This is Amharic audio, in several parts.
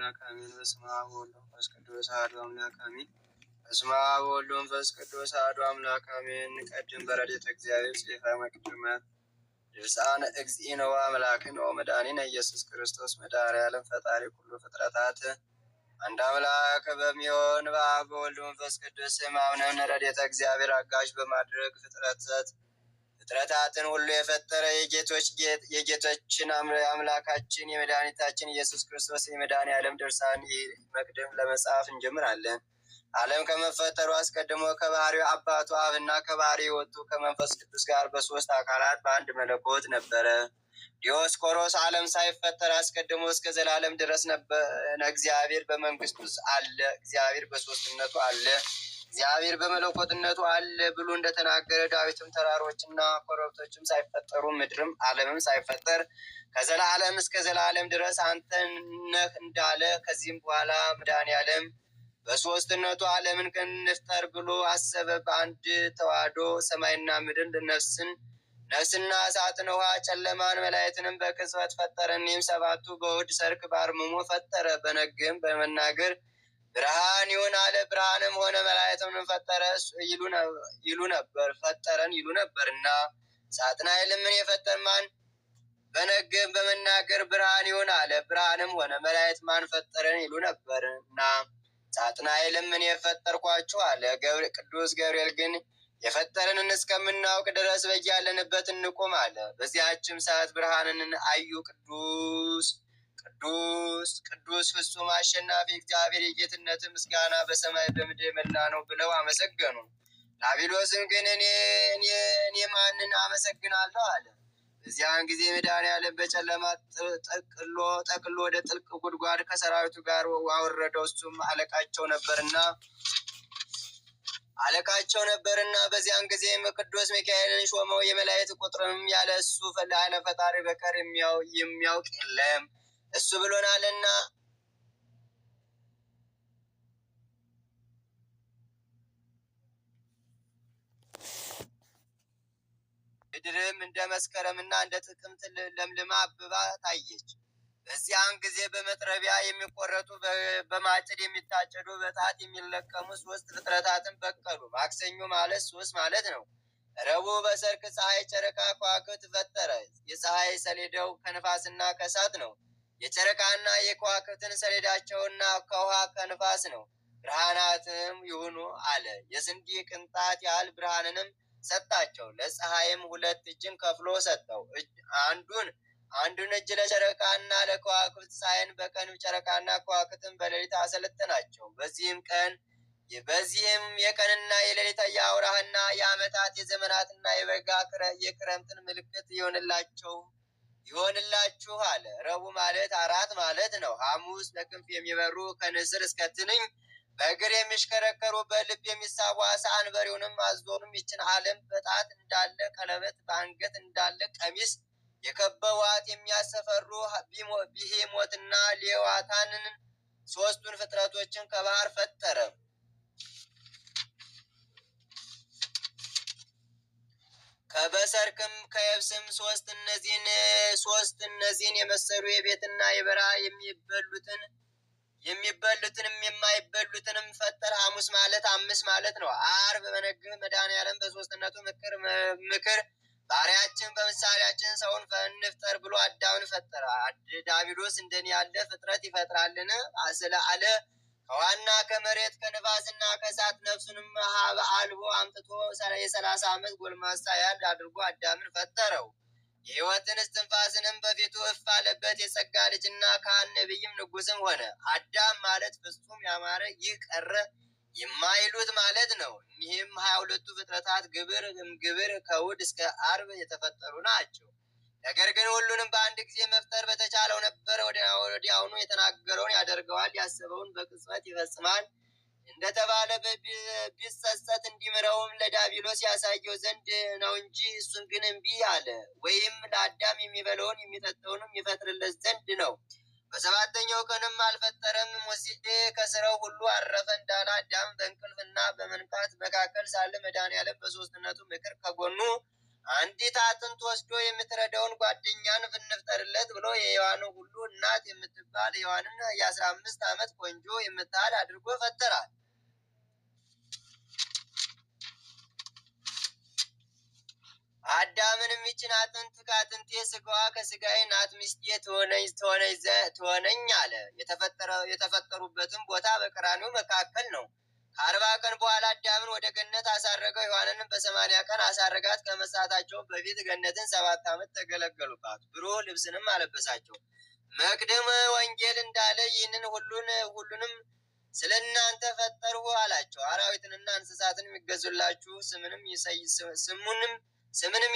አምላክ አሜን። በስመ አብ ወወልድ ወመንፈስ ቅዱስ አሐዱ አምላክ አሜን። በስመ አብ ወወልድ ወመንፈስ ቅዱስ አሐዱ አምላክ አሜን። ቀድም በረድኤተ እግዚአብሔር ጽሐፈ መቅድመ ድርሳነ እግዚእነ ወአምላክነ ወመድኃኒነ ኢየሱስ ክርስቶስ መድኃኔ ዓለም ፈጣሪ ሁሉ ፍጥረታት አንድ አምላክ በሚሆን በአብ በወልድ መንፈስ ቅዱስ ስም አምነን ረድኤተ እግዚአብሔር አጋዥ በማድረግ ፍጥረት ፍጥረታት ፍጥረታትን ሁሉ የፈጠረ የጌቶችን አምላካችን የመድኃኒታችን ኢየሱስ ክርስቶስ የመድኃኔ ዓለም ድርሳን መቅድም ለመጽሐፍ እንጀምራለን። ዓለም ከመፈጠሩ አስቀድሞ ከባህሪው አባቱ አብና ከባህሪ ወጡ ከመንፈስ ቅዱስ ጋር በሶስት አካላት በአንድ መለኮት ነበረ። ዲዮስቆሮስ ዓለም ሳይፈጠር አስቀድሞ እስከ ዘላለም ድረስ ነበረ። እግዚአብሔር በመንግስት ውስጥ አለ። እግዚአብሔር በሶስትነቱ አለ። እግዚአብሔር በመለኮትነቱ አለ ብሎ እንደተናገረ ዳዊትም ተራሮችና ኮረብቶችም ሳይፈጠሩ ምድርም ዓለምም ሳይፈጠር ከዘላለም እስከ ዘላለም ድረስ አንተ ነህ እንዳለ ከዚህም በኋላ አለም በሶስትነቱ ዓለምን እንፍጠር ብሎ አሰበ። በአንድ ተዋህዶ ሰማይና ምድር ልነፍስን ነፍስና እሳትን ውሃ ጨለማን መላየትንም በቅጽበት ፈጠረ። ሰባቱ በውድ ሰርክ በአርምሞ ፈጠረ። በነግም በመናገር ብርሃን ይሁን አለ፣ ብርሃንም ሆነ። መላእክትንም ፈጠረ ይሉ ነበር ፈጠረን ይሉ ነበር እና ሳጥናኤልም ምን የፈጠር ማን በነግብ በመናገር ብርሃን ይሁን አለ፣ ብርሃንም ሆነ። መላእክት ማን ፈጠረን ይሉ ነበር እና ሳጥናኤልም ምን የፈጠርኳችሁ አለ። ቅዱስ ገብርኤል ግን የፈጠረንን እስከምናውቅ ድረስ በያለንበት እንቁም አለ። በዚያችም ሰዓት ብርሃንን አዩ ቅዱስ ቅዱስ ቅዱስ ፍጹም አሸናፊ እግዚአብሔር የጌትነት ምስጋና በሰማይ በምድር መላ ነው ብለው አመሰገኑ። ዳቢሎስም ግን እኔ ማንን አመሰግናለሁ አለ። በዚያን ጊዜ መድኃኔዓለም በጨለማ ጠቅሎ ጠቅሎ ወደ ጥልቅ ጉድጓድ ከሰራዊቱ ጋር አወረደው። እሱም አለቃቸው ነበርና አለቃቸው ነበርና በዚያን ጊዜም ቅዱስ ሚካኤልን ሾመው። የመላእክት ቁጥርም ያለ እሱ ለአይነ ፈጣሪ በቀር የሚያውቅ የለም። እሱ ብሎናልና ምድርም እንደ መስከረምና እንደ ጥቅምት ለምልማ አብባ ታየች። በዚያን ጊዜ በመጥረቢያ የሚቆረጡ በማጭድ የሚታጨዱ በጣት የሚለቀሙ ሶስት ፍጥረታትን በቀሉ። ማክሰኞ ማለት ሶስት ማለት ነው። ረቡዕ በሰርክ ፀሐይ፣ ጨረቃ፣ ከዋክብት ፈጠረ። የፀሐይ ሰሌዳው ከንፋስና ከእሳት ነው። የጨረቃና የከዋክብትን ሰሌዳቸውና ከውሃ ከንፋስ ነው። ብርሃናትም ይሁኑ አለ። የስንዴ ቅንጣት ያህል ብርሃንንም ሰጣቸው። ለፀሐይም ሁለት እጅን ከፍሎ ሰጠው። አንዱን አንዱን እጅ ለጨረቃና ለከዋክብት ፀሐይን በቀን ጨረቃና ከዋክብትን በሌሊት አሰለጠናቸው። በዚህም ቀን በዚህም የቀንና የሌሊት የአውራህና የዓመታት የዘመናትና የበጋ የክረምትን ምልክት ይሆንላቸው ይሆንላችሁ አለ። ረቡዕ ማለት አራት ማለት ነው። ሐሙስ በክንፍ የሚበሩ ከንስር እስከ ትንኝ በእግር የሚሽከረከሩ በልብ የሚሳቡ አሳ አንበሬውንም አዞንም ይችን ዓለም በጣት እንዳለ ቀለበት በአንገት እንዳለ ቀሚስ የከበዋት የሚያሰፈሩ ቢሄሞትና ሌዋታንን ሶስቱን ፍጥረቶችን ከባህር ፈጠረ። ከበሰርክም ከየብስም ሶስት እነዚህን ሶስት እነዚህን የመሰሉ የቤትና የበረሃ የሚበሉትን የሚበሉትንም የማይበሉትንም ፈጠር። ሐሙስ ማለት አምስት ማለት ነው። አርብ በነግህ መድኃኔዓለም በሶስትነቱ ምክር ምክር ባሪያችን በምሳሌያችን ሰውን እንፍጠር ብሎ አዳምን ፈጠረ። ዳቢሎስ እንደኔ ያለ ፍጥረት ይፈጥራልን? ስለ አለ ከዋና ከመሬት ከንፋስና ከእሳት ነፍሱንም አልቦ አምጥቶ የሰላሳ ዓመት ጎልማሳ ያል አድርጎ አዳምን ፈጠረው። የሕይወትን እስትንፋስንም በፊቱ እፍ አለበት። የጸጋ ልጅና ካህን ነቢይም ንጉስም ሆነ። አዳም ማለት ፍጹም ያማረ ይህ ቀረ የማይሉት ማለት ነው። እኒህም ሀያ ሁለቱ ፍጥረታት ግብር ግብር ከውድ እስከ አርብ የተፈጠሩ ናቸው። ነገር ግን ሁሉንም በአንድ ጊዜ መፍጠር በተቻለው ነበር። ወዲያውኑ የተናገረውን ያደርገዋል፣ ያሰበውን በቅጽበት ይፈጽማል። እንደተባለ ቢጸጸት እንዲምረውም ለዳቢሎስ ያሳየው ዘንድ ነው እንጂ እሱን ግን እምቢ አለ። ወይም ለአዳም የሚበለውን የሚጠጣውንም ይፈጥርለት ዘንድ ነው። በሰባተኛው ቀንም አልፈጠረም። ሙሴ ከስራው ሁሉ አረፈ እንዳለ አዳም በእንቅልፍና በመንቃት መካከል ሳለ መድኃኔዓለም በሶስትነቱ ምክር ከጎኑ አንዲት አጥንት ወስዶ የምትረዳውን ጓደኛን ፍንፍጠርለት ብሎ የሔዋን ሁሉ እናት የምትባል ሔዋንን የአስራ አምስት ዓመት ቆንጆ የምታህል አድርጎ ፈጠራል። አዳምንም ይችን አጥንት ከአጥንቴ ስጋዋ ከስጋዬ ናት ሚስቴ ትሆነኝ አለ። የተፈጠሩበትም ቦታ በቀራኒው መካከል ነው። ከአርባ ቀን በኋላ አዳምን ወደ ገነት አሳረገው። ሔዋንንም በሰማንያ ቀን አሳረጋት። ከመሳታቸው በፊት ገነትን ሰባት ዓመት ተገለገሉባት። ብሩህ ልብስንም አለበሳቸው። መቅድም ወንጌል እንዳለ ይህንን ሁሉን ሁሉንም ስለ እናንተ ፈጠርሁ አላቸው። አራዊትንና እንስሳትን የሚገዙላችሁ ስምንም ስሙንም ስምንም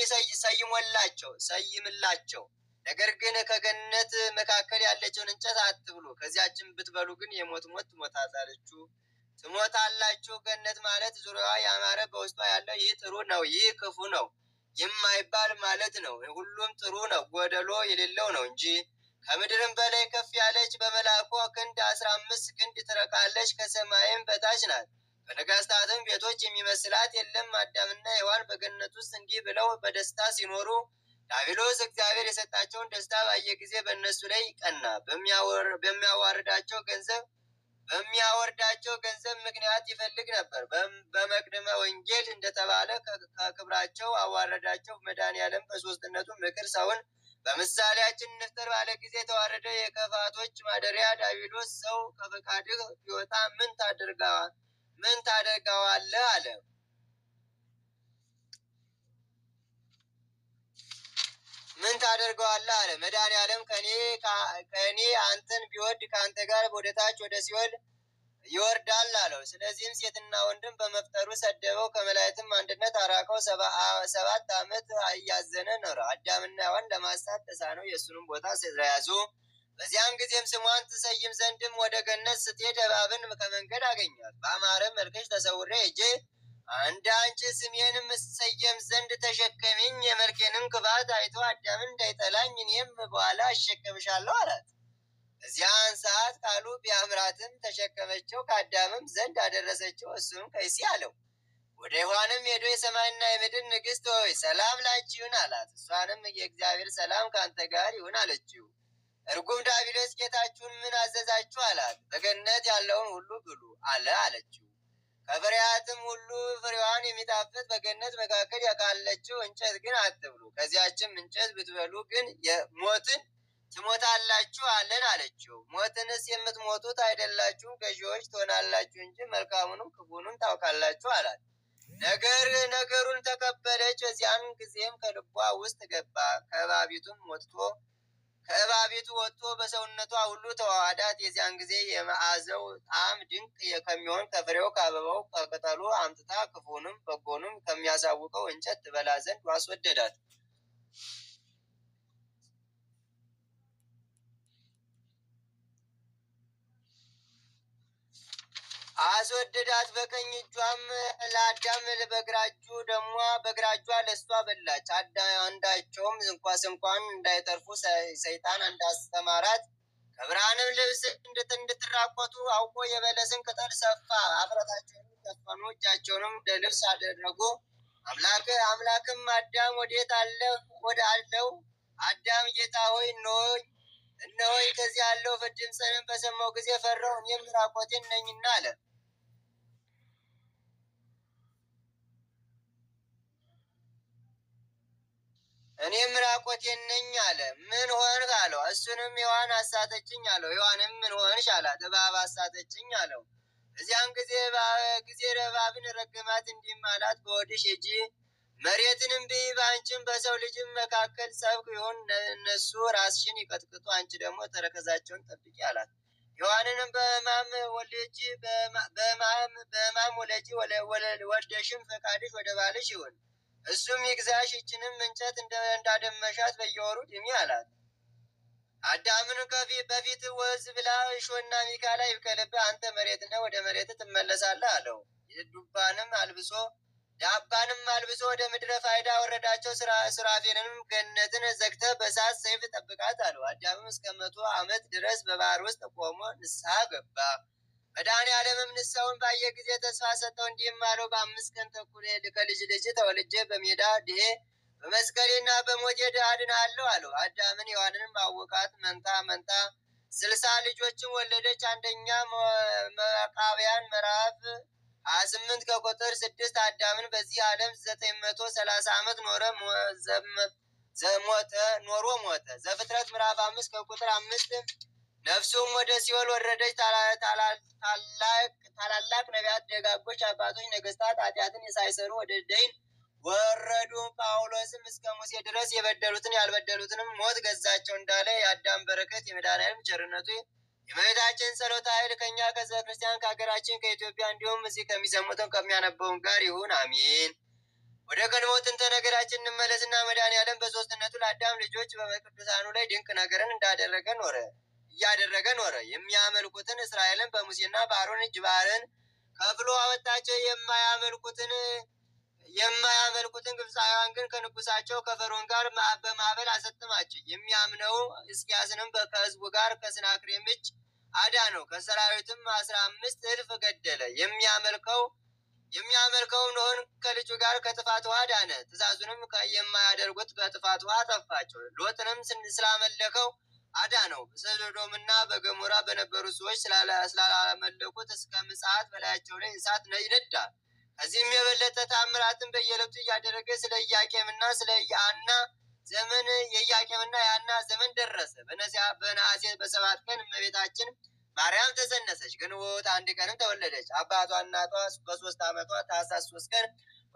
ሰይምላቸው። ነገር ግን ከገነት መካከል ያለችውን እንጨት አትብሉ፣ ከዚያችን ብትበሉ ግን የሞት ሞት ትሞታላችሁ ትሞታላችሁ። ገነት ማለት ዙሪያዋ ያማረ በውስጧ ያለው ይህ ጥሩ ነው፣ ይህ ክፉ ነው የማይባል ማለት ነው። ሁሉም ጥሩ ነው፣ ጎደሎ የሌለው ነው እንጂ ከምድርም በላይ ከፍ ያለች በመላኮ ክንድ አስራ አምስት ክንድ ትረቃለች፣ ከሰማይም በታች ናት። በነገስታትም ቤቶች የሚመስላት የለም። አዳምና ሔዋን በገነት ውስጥ እንዲህ ብለው በደስታ ሲኖሩ ዳቢሎስ እግዚአብሔር የሰጣቸውን ደስታ ባየ ጊዜ በእነሱ ላይ ይቀና፣ በሚያዋርዳቸው ገንዘብ በሚያወርዳቸው ገንዘብ ምክንያት ይፈልግ ነበር። በመቅድመ ወንጌል እንደተባለ ከክብራቸው አዋረዳቸው። መድኃኔዓለም በሶስትነቱ ምክር ሰውን በምሳሌያችን እንፍጠር ባለ ጊዜ ተዋረደ። የክፋቶች ማደሪያ ዳቢሎስ ሰው ከፈቃድህ ቢወጣ ምን ታደርገዋለህ አለ። ምን ታደርገዋለህ አለ። ዓለም ከእኔ አንተን ቢወድ ከአንተ ጋር ወደታች ወደ ሲኦል ይወርዳል አለው። ስለዚህም ሴትና ወንድም በመፍጠሩ ሰደበው፣ ከመላእክትም አንድነት አራቀው። ሰባት ዓመት እያዘነ ኖረ። አዳምና ሔዋን ለማሳት ተሳነው፣ የእሱንም ቦታ ስለያዙ። በዚያም ጊዜም ስሟን ትሰይም ዘንድም ወደ ገነት ስትሄድ እባብን ከመንገድ አገኘዋት። በአማረ መልከሽ ተሰውሬ እጄ እንደ አንቺ ስሜንም እሰየም ዘንድ ተሸከሚኝ። የመልኬንም ክፋት አይቶ አዳምን እንዳይጠላኝ እኔም በኋላ አሸከምሻለሁ አላት። እዚያን ሰዓት ቃሉ ቢያምራትም ተሸከመችው፣ ከአዳምም ዘንድ አደረሰችው። እሱም ከይሲ አለው። ወደ ሔዋንም ሄዶ የሰማይና የምድር ንግሥት ሆይ ሰላም ላንቺ ይሁን አላት። እሷንም የእግዚአብሔር ሰላም ከአንተ ጋር ይሁን አለችው። እርጉም ዲያብሎስ ጌታችሁን ምን አዘዛችሁ አላት። በገነት ያለውን ሁሉ ብሉ አለ አለችው። ከፍሬያትም ሁሉ ፍሬዋን የሚጣፍጥ በገነት መካከል ያቃለችው እንጨት ግን አትብሉ፣ ከዚያችም እንጨት ብትበሉ ግን ሞትን ትሞታላችሁ አለን አለችው። ሞትንስ የምትሞቱት አይደላችሁም፣ ገዢዎች ትሆናላችሁ እንጂ መልካሙንም ክፉንም ታውቃላችሁ አላት። ነገር ነገሩን ተቀበለች። በዚያን ጊዜም ከልቧ ውስጥ ገባ። ከባቢቱም ወጥቶ ከእባቢቱ ወጥቶ በሰውነቷ ሁሉ ተዋህዳት። የዚያን ጊዜ የመዓዛው ጣዕም ድንቅ ከሚሆን ከፍሬው ከአበባው ከቅጠሉ አምጥታ ክፉንም በጎንም ከሚያሳውቀው እንጨት ትበላ ዘንድ ማስወደዳት። አስወደዳት። በቀኝ እጇም ለአዳም በግራጁ ደግሞ በግራጇ ለስቷ በላች። አንዳቸውም እንኳ ስንኳን እንዳይጠርፉ ሰይጣን እንዳስተማራት ከብርሃንም ልብስ እንድትራቆቱ አውቆ የበለስን ቅጠል ሰፋ። አፍረታቸውንም ሸፈኑ፣ እጃቸውንም ለልብስ አደረጉ። አምላክ አምላክም አዳም ወዴት አለ ወደ አለው አዳም ጌታ ሆይ ኖይ እነሆይ ከዚህ ያለው ድምፅህን በሰማሁ ጊዜ ፈራሁ፣ እኔም ራቆቴን ነኝና አለ። እኔም ራቆቴን ነኝ አለ። ምን ሆንህ አለው። እሱንም ሔዋን አሳተችኝ አለው። ሔዋንም ምን ሆንሽ አላት። እባብ አሳተችኝ አለው። እዚያን ጊዜ ጊዜ እባብን ረገማት፣ እንዲህም አላት በሆድሽ ሂጂ መሬትንም ብይ፣ በአንቺም በሰው ልጅም መካከል ሰብክ ይሁን። እነሱ ራስሽን ይቀጥቅጡ፣ አንቺ ደግሞ ተረከዛቸውን ጠብቂ አላት። ሔዋንንም በማም ወለጂ፣ በማም ወለጂ፣ ወልደሽም ፈቃድሽ ወደ ባልሽ ይሁን እሱም ይግዛሽ ይችንም እንጨት እንዳደመሻት በየወሩ ድሚ አላት። አዳምን በፊት ወዝ ብላ እሾና ሚካላ ይብቀልብህ አንተ መሬት ነህ፣ ወደ መሬት ትመለሳለህ አለው። ዱባንም አልብሶ ዳባንም አልብሶ ወደ ምድረ ፋይዳ ወረዳቸው። ስራፌንንም ገነትን ዘግተ በሳት ሰይፍ ጠብቃት አለው። አዳምም እስከ መቶ ዓመት ድረስ በባህር ውስጥ ቆሞ ንስሐ ገባ። መድኃኔዓለምም ንስሐውን ባየ ጊዜ ተስፋ ሰጠው፣ እንዲህም አለው፦ በአምስት ቀን ተኩል ከልጅ ልጅ ተወልጄ በሜዳ ድሄ በመስቀሌና በሞቴ ድሀ አለው አለው። አዳምን ሔዋንንም አወቃት። መንታ መንታ ስልሳ ልጆችን ወለደች። አንደኛ መቃብያን ምዕራፍ ሀያ ስምንት ከቁጥር ስድስት አዳምን በዚህ ዓለም ዘጠኝ መቶ ሰላሳ ዓመት ኖረ ሞተ ኖሮ ሞተ። ዘፍጥረት ምዕራፍ አምስት ከቁጥር አምስት ነፍሱም ወደ ሲኦል ወረደች። ታላላቅ ነቢያት፣ ደጋጎች አባቶች፣ ነገስታት ኃጢአትን ሳይሰሩ ወደ ደይን ወረዱ። ጳውሎስም እስከ ሙሴ ድረስ የበደሉትን ያልበደሉትንም ሞት ገዛቸው እንዳለ የአዳም በረከት የመድኃኒዓለም ቸርነቱ የመቤታችን ጸሎት ኃይል ከኛ ከዘ ክርስቲያን ከሀገራችን ከኢትዮጵያ እንዲሁም እዚህ ከሚሰሙትም ከሚያነበውን ጋር ይሁን አሚን። ወደ ቀድሞ ጥንተ ነገራችን እንመለስና መድኃኒዓለም በሶስትነቱ ለአዳም ልጆች በቅዱሳኑ ላይ ድንቅ ነገርን እንዳደረገ ኖረ። እያደረገ ኖረ። የሚያመልኩትን እስራኤልን በሙሴና በአሮን እጅ ባህርን ከፍሎ አወጣቸው። የማያመልኩትን የማያመልኩትን ግብፃውያን ግን ከንጉሳቸው ከፈርዖን ጋር በማዕበል አሰጥማቸው። የሚያምነው እስኪያስንም ከህዝቡ ጋር ከስናክሬም እጅ አዳነው። ከሰራዊትም አስራ አምስት እልፍ ገደለ። የሚያመልከው የሚያመልከው ኖኅን ከልጁ ጋር ከጥፋት ውሃ ዳነ። ትእዛዙንም የማያደርጉት በጥፋት ውሃ ጠፋቸው። ሎጥንም ስላመለከው አዳ ነው። በሰዶምና በገሞራ በነበሩ ሰዎች ስላላመለኩት እስከ ምጽአት በላያቸው ላይ እሳት ይነዳል። ከዚህም የበለጠ ታምራትን በየለቱ እያደረገ ስለ ኢያቄምና ስለ ያና ዘመን የኢያቄምና ያና ዘመን ደረሰ። በነሐሴ በሰባት ቀን እመቤታችን ማርያም ተጸነሰች። ግንቦት አንድ ቀንም ተወለደች። አባቷ እናቷ በሶስት ዓመቷ ታኅሳስ ሶስት ቀን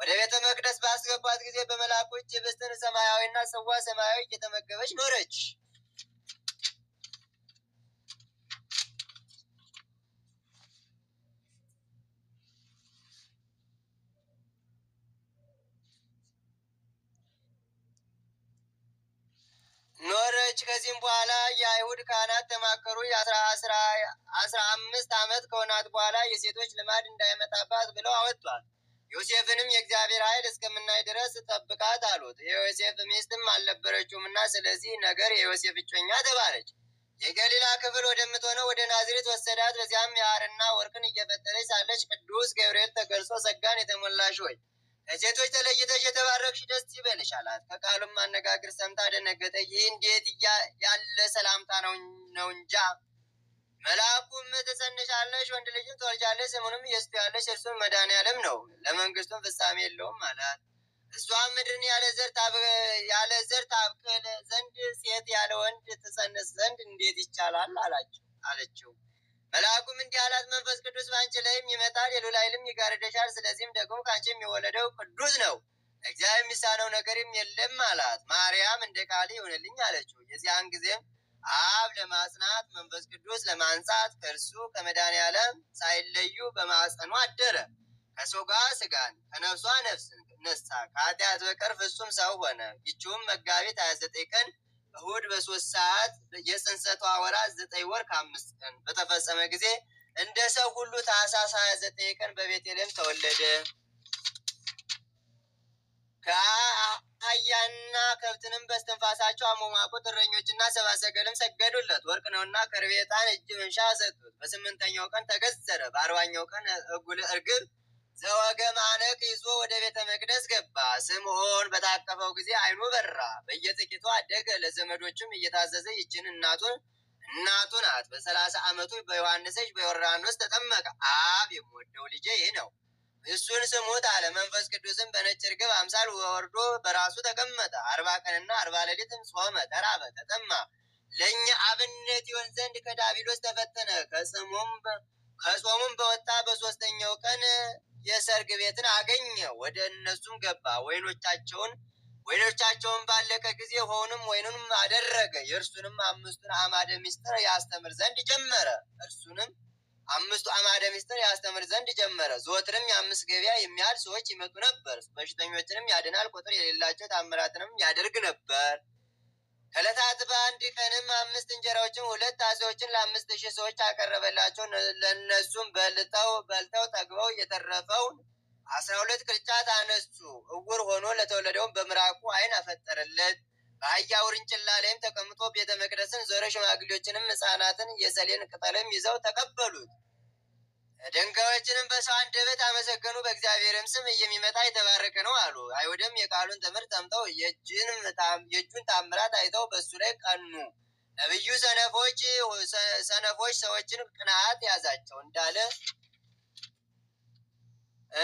ወደ ቤተ መቅደስ ባስገባት ጊዜ በመልአኩ እጅ ብስትን ሰማያዊና ጽዋ ሰማያዊ እየተመገበች ኖረች። ሆነች። ከዚህም በኋላ የአይሁድ ካህናት ተማከሩ። አስራ አምስት ዓመት ከሆናት በኋላ የሴቶች ልማድ እንዳይመጣባት ብለው አወጧት። ዮሴፍንም የእግዚአብሔር ኃይል እስከምናይ ድረስ ጠብቃት አሉት። የዮሴፍ ሚስትም አልነበረችውም እና ስለዚህ ነገር የዮሴፍ እጮኛ ተባለች። የገሊላ ክፍል ወደምትሆነው ወደ ናዝሬት ወሰዳት። በዚያም የሐርና ወርቅን እየፈጠረች ሳለች ቅዱስ ገብርኤል ተገልጾ ጸጋን የተሞላሽ ሆይ ከሴቶች ተለይተሽ የተባረክሽ ደስ ይበልሽ አላት። ከቃሉም አነጋገር ሰምታ ደነገጠ። ይህ እንዴት ያለ ሰላምታ ነው እንጃ። መልአኩም ትጸንሻለሽ፣ ወንድ ልጅም ትወልጃለሽ፣ ስሙንም ኢየሱስ ያለሽ እርሱም መድኃኔዓለም ነው፣ ለመንግስቱም ፍጻሜ የለውም አላት። እሷም ምድርን ያለ ዘር ታበቅል ዘንድ ሴት ያለ ወንድ ትጸንስ ዘንድ እንዴት ይቻላል አላቸው አለችው። መልአኩም እንዲህ አላት፣ መንፈስ ቅዱስ በአንቺ ላይም ይመጣል፣ የልዑል ኃይልም ይጋርደሻል። ስለዚህም ደግሞ ከአንቺ የሚወለደው ቅዱስ ነው፣ እግዚአብሔር የሚሳነው ነገርም የለም አላት። ማርያም እንደ ቃል ይሆንልኝ አለችው። የዚያን ጊዜም አብ ለማጽናት መንፈስ ቅዱስ ለማንጻት ከእርሱ ከመድኃኔ ዓለም ሳይለዩ በማጸኑ አደረ። ከሥጋ ሥጋን ከነፍሷ ነፍስን ነሳ፣ ከኃጢአት በቀር ፍጹም ሰው ሆነ። ይችውም መጋቢት 29 ቀን እሁድ በሶስት ሰዓት የፅንሰቷ ወራት ዘጠኝ ወር ከአምስት ቀን በተፈጸመ ጊዜ እንደ ሰው ሁሉ ታኅሳስ ሀያ ዘጠኝ ቀን በቤተልሔም ተወለደ። ከአህያና ከብትንም በስትንፋሳቸው አሞሟቁ። እረኞችና ሰብአ ሰገልም ሰገዱለት። ወርቅ ነውና ከርቤ፣ ዕጣን፣ እጅ መንሻ ሰጡት። በስምንተኛው ቀን ተገዘረ። በአርባኛው ቀን እርግብ ዘወገ ማነቅ ይዞ ወደ ስምዖን በታቀፈው ጊዜ አይኑ በራ። በየጥቂቱ አደገ። ለዘመዶችም እየታዘዘ ይችን እናቱን እናቱ ናት። በሰላሳ ዓመቱ በዮሐንስ እጅ በዮርዳኖስ ተጠመቀ። አብ የምወደው ልጄ ይህ ነው፣ እሱን ስሙት አለ። መንፈስ ቅዱስም በነጭ ርግብ አምሳል ወርዶ በራሱ ተቀመጠ። አርባ ቀንና አርባ ሌሊትም ጾመ፣ ተራበ፣ ተጠማ። ለእኛ አብነት ይሆን ዘንድ ከዳቢሎስ ተፈተነ። ከጾሙም በወጣ በሶስተኛው ቀን የሰርግ ቤትን አገኘ። ወደ እነሱም ገባ። ወይኖቻቸውን ወይኖቻቸውን ባለቀ ጊዜ ሆኑም ወይኑንም አደረገ። የእርሱንም አምስቱን አማደ ሚስጥር ያስተምር ዘንድ ጀመረ። እርሱንም አምስቱ አማደ ሚስጥር ያስተምር ዘንድ ጀመረ። ዘወትርም የአምስት ገበያ የሚያህል ሰዎች ይመጡ ነበር። በሽተኞችንም ያድናል፣ ቁጥር የሌላቸው ታምራትንም ያደርግ ነበር። ከዕለታት በአንድ ቀንም አምስት እንጀራዎችን ሁለት አሴዎችን ለአምስት ሺህ ሰዎች አቀረበላቸው። ለእነሱም በልተው በልተው ጠግበው የተረፈውን አስራ ሁለት ቅርጫት አነሱ። እውር ሆኖ ለተወለደውን በምራቁ ዓይን አፈጠረለት። በአህያ ውርንጭላ ላይም ተቀምጦ ቤተ መቅደስን ዞረ። ሽማግሌዎችንም ሕፃናትን የሰሌን ቅጠልም ይዘው ተቀበሉት። ድንጋዮችንም በሰው አንደበት አመሰገኑ። በእግዚአብሔርም ስም የሚመጣ የተባረከ ነው አሉ። አይሁድም የቃሉን ትምህርት ሰምተው የእጁን ታምራት አይተው በእሱ ላይ ቀኑ። ነቢዩ ሰነፎች ሰነፎች ሰዎችን ቅንዓት ያዛቸው እንዳለ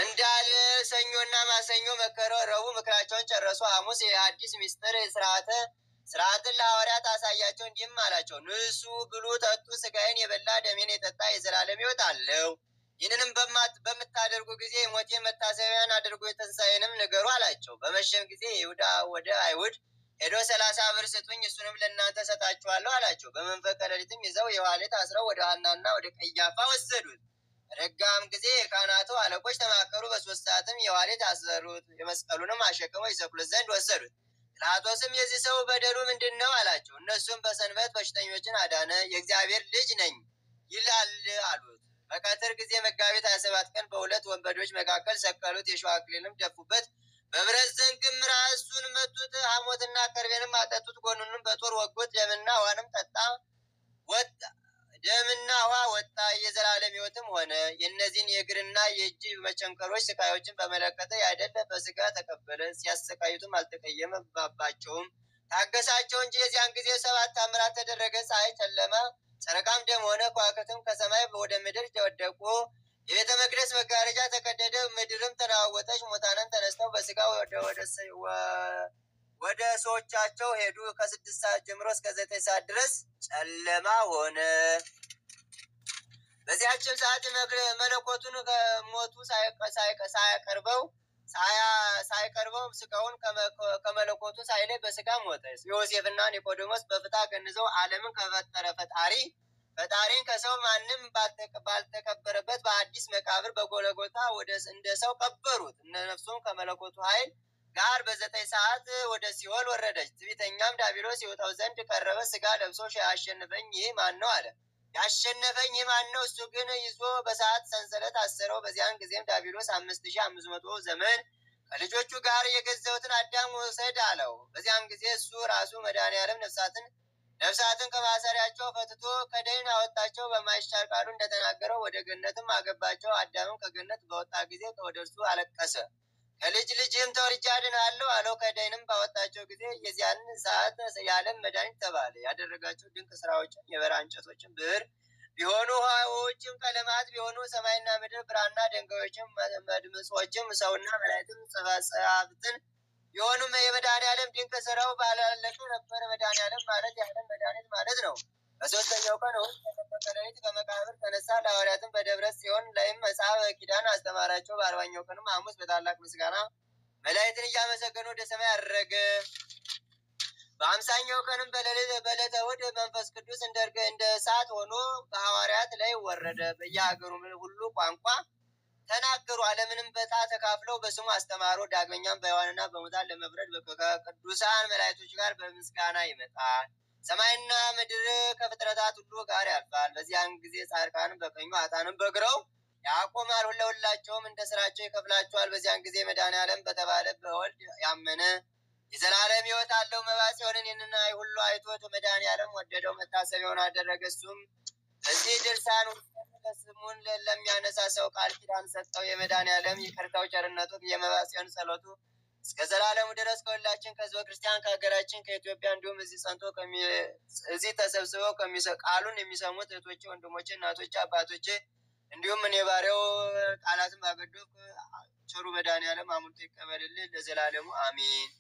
እንዳለ ሰኞና ማሰኞ መከረው፣ ረቡዕ ምክራቸውን ጨረሱ። ሐሙስ የአዲስ ሚስጥር ስርዓተ ስርዓትን ለሐዋርያት አሳያቸው፣ እንዲህም አላቸው፦ ንሱ ብሉ፣ ጠጡ። ስጋዬን የበላ ደሜን የጠጣ የዘላለም ሕይወት አለው። ይህንንም በምታደርጉ ጊዜ ሞቴ መታሰቢያን አድርጎ የትንሣኤንም ንገሩ አላቸው። በመሸም ጊዜ ይሁዳ ወደ አይሁድ ሄዶ ሰላሳ ብር ስጡኝ፣ እሱንም ለእናንተ ሰጣችኋለሁ አላቸው። በመንፈቀ ሌሊትም ይዘው የዋሌት አስረው ወደ ሐናና ወደ ቀያፋ ወሰዱት። ረጋም ጊዜ የካህናቱ አለቆች ተማከሩ። በሶስት ሰዓትም የዋሌት አሰሩት፣ የመስቀሉንም አሸክመው ይሰቅሉት ዘንድ ወሰዱት። ጲላጦስም የዚህ ሰው በደሉ ምንድን ነው አላቸው። እነሱም በሰንበት በሽተኞችን አዳነ፣ የእግዚአብሔር ልጅ ነኝ ይላል አሉት። በቀትር ጊዜ መጋቢት ሀያ ሰባት ቀን በሁለት ወንበዶች መካከል ሰቀሉት፣ የሸዋ አክሊልም ደፉበት። በብረት ዘንግም ራሱን መቱት፣ ሐሞትና ከርቤንም አጠጡት፣ ጎኑንም በጦር ወጉት፣ ደምና ውሃንም ጠጡ። የዘላለም ህይወትም ሆነ የእነዚህን የእግርና የእጅ መቸንከሮች ስቃዮችን በመለከተ ያደለ በስጋ ተቀበለ፣ ሲያሰቃዩትም አልተቀየመባቸውም፣ ታገሳቸው እንጂ። የዚያን ጊዜ ሰባት ታምራት ተደረገ። ፀሐይ ጨለማ፣ ጨረቃም ደም ሆነ፣ ከዋክብትም ከሰማይ ወደ ምድር ተወደቁ። የቤተ መቅደስ መጋረጃ ተቀደደ፣ ምድርም ተናወጠች። ሙታንም ተነስተው በስጋ ወደ ሰዎቻቸው ሄዱ። ከስድስት ሰዓት ጀምሮ እስከ ዘጠኝ ሰዓት ድረስ ጨለማ ሆነ። በዚያችን ሰዓት መለኮቱን ከሞቱ ሳያቀርበው ሳይቀርበው ስጋውን ከመለኮቱ ሳይለይ በስጋ ሞተ። ዮሴፍና ኒቆዲሞስ በፍታ ገንዘው ዓለምን ከፈጠረ ፈጣሪ ፈጣሪን ከሰው ማንም ባልተቀበረበት በአዲስ መቃብር በጎለጎታ እንደ ሰው ቀበሩት። እነነፍሱም ከመለኮቱ ኃይል ጋር በዘጠኝ ሰዓት ወደ ሲኦል ወረደች። ትቢተኛም ዳቢሎስ ይውጠው ዘንድ ቀረበ። ስጋ ለብሶ አሸንፈኝ ይህ ማን ነው አለ። ያሸነፈኝ ማን ነው? እሱ ግን ይዞ በሰዓት ሰንሰለት አሰረው። በዚያን ጊዜም ዳቢሎስ አምስት ሺህ አምስት መቶ ዘመን ከልጆቹ ጋር የገዛሁትን አዳም ውሰድ አለው። በዚያን ጊዜ እሱ ራሱ መድኃኔዓለም ነፍሳትን ነፍሳትን ከማሰሪያቸው ፈትቶ ከደይን አወጣቸው በማይሻል ቃሉ እንደተናገረው ወደ ገነትም አገባቸው። አዳምም ከገነት በወጣ ጊዜ ወደ እርሱ አለቀሰ። ከልጅ ልጅም ተወርጄ አድናለሁ አለው። ከደይንም ባወጣቸው ጊዜ የዚያን ሰዓት የዓለም መድኃኒት ተባለ። ያደረጋቸው ድንቅ ስራዎችን የበራ እንጨቶችን ብር ቢሆኑ ውሃዎችም ቀለማት ቢሆኑ ሰማይና ምድር ብራና ደንጋዮችም መድምፆችም ሰውና መላእክትም ጸሐፍትን የሆኑ የመድኃኔ ዓለም ድንቅ ስራው ባላለቀ ነበር። መድኃኔ ዓለም ማለት የዓለም መድኃኒት ማለት ነው። በሶስተኛው ቀን እሑድ በሌሊት ከመቃብር ተነሳ። ለሐዋርያትም በደብረ ሲሆን ላይም መጽሐፈ ኪዳን አስተማራቸው። በአርባኛው ቀንም ሐሙስ በታላቅ ምስጋና መላእክትን እያመሰገኑ ወደ ሰማይ አደረገ። በአምሳኛው ቀንም በሌሊት በዕለተ እሑድ መንፈስ ቅዱስ እንደ እሳት ሆኖ በሐዋርያት ላይ ወረደ። በየሀገሩ ሁሉ ቋንቋ ተናገሩ። ዓለምንም በታ ተካፍለው በስሙ አስተማሩ። ዳግመኛም በዋንና በሙታን ለመፍረድ ከቅዱሳን መላእክቶች ጋር በምስጋና ይመጣል። ሰማይና ምድር ከፍጥረታት ሁሉ ጋር ያልፋል። በዚያን ጊዜ ጻድቃንም በቀኙ አጣንም በግረው ያቆማል። ሁለሁላቸውም እንደ ስራቸው ይከፍላቸዋል። በዚያን ጊዜ ያለም በተባለ በወልድ ያመነ የዘላለም ሕይወት አለው። መባ ሲሆንን ይህንን ሁሉ መዳን ያለም ወደደው፣ መታሰቢያውን አደረገ። እሱም በዚህ ድርሳን ስሙን ለሚያነሳ ሰው ቃል ኪዳን ሰጠው። ያለም ይቅርታው ቸርነቱ የመባ ሲሆን ጸሎቱ እስከ ዘላለሙ ድረስ ከሁላችን ከህዝበ ክርስቲያን ከሀገራችን ከኢትዮጵያ እንዲሁም እዚህ ጸንቶ እዚህ ተሰብስበው ቃሉን የሚሰሙት እህቶቼ፣ ወንድሞቼ፣ እናቶቼ፣ አባቶቼ እንዲሁም እኔ ባሪያው ቃላትን ባበዶክ ቸሩ መድኃኔዓለም አሙልቶ ይቀበልልን ለዘላለሙ አሚን።